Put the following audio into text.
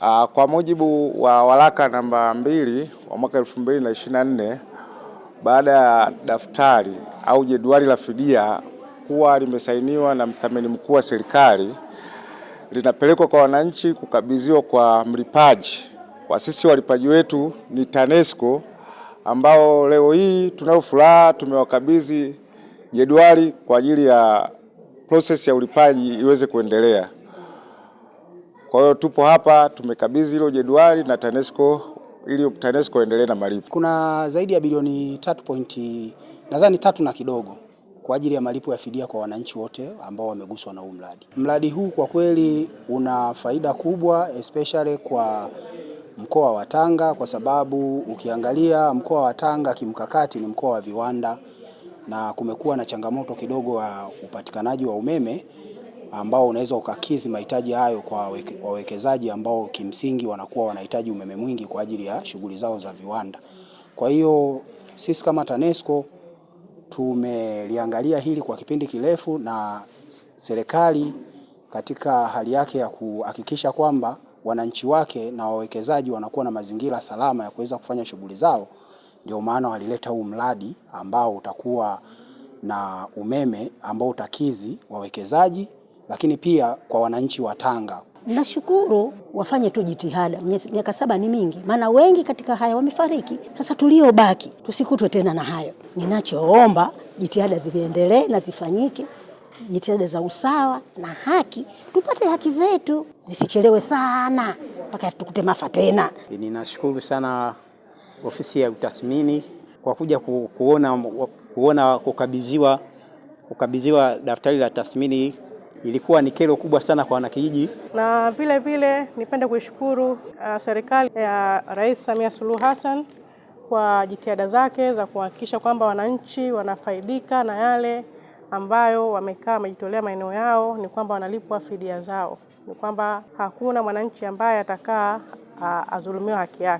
Ah, kwa mujibu wa waraka namba mbili wa mwaka elfu mbili na ishirini na nne baada ya daftari au jedwali la fidia kuwa limesainiwa na mthamini mkuu wa serikali, linapelekwa kwa wananchi kukabidhiwa kwa mlipaji. Kwa sisi walipaji wetu ni TANESCO ambao leo hii tunayo furaha tumewakabidhi jedwali kwa ajili ya proses ya ulipaji iweze kuendelea. Kwa hiyo tupo hapa tumekabidhi hilo jedwali na TANESCO ili TANESCO endelee na malipo. Kuna zaidi ya bilioni 3. nadhani tatu na kidogo kwa ajili ya malipo ya fidia kwa wananchi wote ambao wameguswa na huu mradi. Mradi huu kwa kweli una faida kubwa especially kwa mkoa wa Tanga kwa sababu ukiangalia mkoa wa Tanga kimkakati ni mkoa wa viwanda na kumekuwa na changamoto kidogo ya upatikanaji wa umeme ambao unaweza ukakizi mahitaji hayo kwa wawekezaji ambao kimsingi wanakuwa wanahitaji umeme mwingi kwa ajili ya shughuli zao za viwanda. Kwa hiyo sisi kama TANESCO tumeliangalia hili kwa kipindi kirefu na serikali katika hali yake ya kuhakikisha kwamba wananchi wake na wawekezaji wanakuwa na mazingira salama ya kuweza kufanya shughuli zao, ndio maana walileta huu mradi ambao utakuwa na umeme ambao utakizi wawekezaji lakini pia kwa wananchi wa Tanga. Nashukuru wafanye tu jitihada, miaka saba ni mingi, maana wengi katika haya wamefariki. Sasa tuliobaki tusikutwe tena na hayo. Ninachoomba jitihada ziendelee na zifanyike, jitihada za usawa na haki, tupate haki zetu zisichelewe sana mpaka tukute mafa tena. Ninashukuru sana ofisi ya utathmini kwa kuja kuona, kuona kukabidhiwa daftari la tathmini ilikuwa ni kero kubwa sana kwa wanakijiji. Na vile vile nipende kuishukuru uh, serikali ya Rais Samia Suluhu Hassan kwa jitihada zake za kuhakikisha kwamba wananchi wanafaidika na yale ambayo wamekaa wamejitolea maeneo yao, ni kwamba wanalipwa fidia zao, ni kwamba hakuna mwananchi ambaye atakaa uh, azulumiwa haki yake.